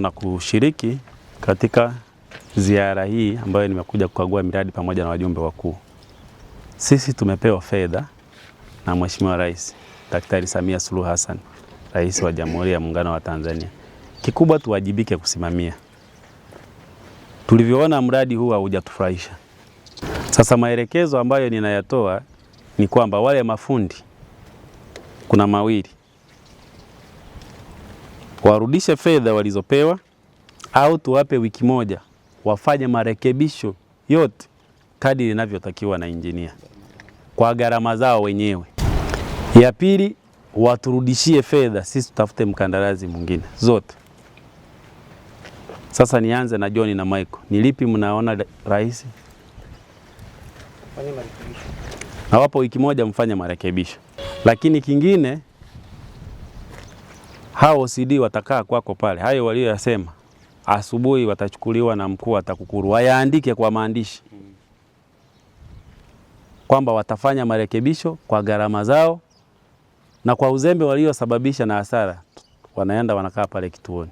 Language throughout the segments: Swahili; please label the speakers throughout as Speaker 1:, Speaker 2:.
Speaker 1: na kushiriki katika ziara hii ambayo nimekuja kukagua miradi pamoja na wajumbe wakuu. Sisi tumepewa fedha na Mheshimiwa Rais Daktari Samia Suluhu Hassan, Rais wa Jamhuri ya Muungano wa Tanzania. Kikubwa tuwajibike kusimamia. Tulivyoona mradi huu haujatufurahisha. Sasa maelekezo ambayo ninayatoa ni kwamba wale mafundi kuna mawili warudishe fedha walizopewa au tuwape wiki moja wafanye marekebisho yote kadi inavyotakiwa na injinia kwa gharama zao wenyewe. Ya pili, waturudishie fedha sisi tutafute mkandarasi mwingine zote. Sasa nianze na John na Michael, ni lipi mnaona rahisi? wapo wiki moja mfanye marekebisho, lakini kingine hao OCD watakaa kwako pale, hayo walioyasema asubuhi watachukuliwa na mkuu wa TAKUKURU wayaandike kwa maandishi kwamba watafanya marekebisho kwa gharama zao na kwa uzembe waliosababisha na hasara, wanaenda wanakaa pale kituoni.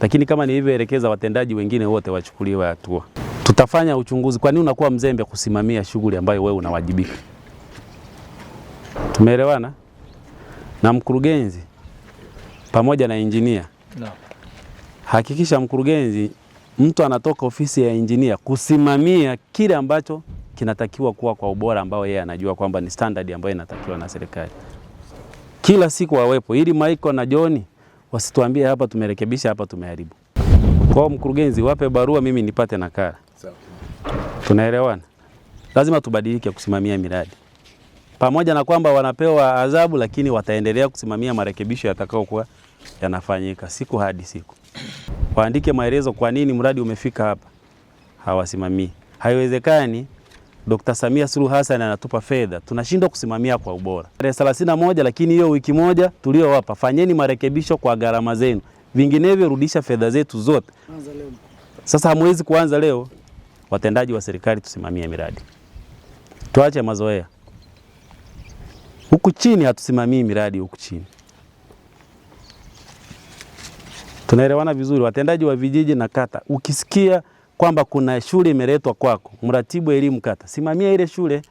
Speaker 1: Lakini kama nilivyoelekeza, watendaji wengine wote wachukuliwe hatua. Tutafanya uchunguzi, nini unakuwa mzembe kusimamia shughuli ambayo wewe unawajibika. Tumeelewana? na mkurugenzi pamoja na injinia no. Hakikisha mkurugenzi, mtu anatoka ofisi ya injinia kusimamia kile ambacho kinatakiwa kuwa kwa ubora ambao yeye anajua kwamba ni standard ambayo inatakiwa na serikali. Kila siku awepo, ili Michael na John wasituambie hapa tumerekebisha, hapa tumeharibu. Kwa mkurugenzi, wape barua, mimi nipate nakala. Tunaelewana? Lazima tubadilike kusimamia miradi pamoja na kwamba wanapewa adhabu, lakini wataendelea kusimamia marekebisho yatakayokuwa yanafanyika siku hadi siku. Waandike maelezo kwa nini mradi umefika hapa, hawasimamii. Haiwezekani. Dr. Samia Suluhu Hassan anatupa fedha, tunashindwa kusimamia kwa ubora. Tarehe 31, lakini hiyo wiki moja tuliyowapa, fanyeni marekebisho kwa gharama zenu, vinginevyo rudisha fedha zetu zote. Sasa hamwezi kuanza leo. Watendaji wa serikali, tusimamie miradi, tuache mazoea. Huku chini hatusimamii miradi huku chini. Tunaelewana vizuri, watendaji wa vijiji na kata. Ukisikia kwamba kuna shule imeletwa kwako, mratibu elimu kata, simamia ile shule.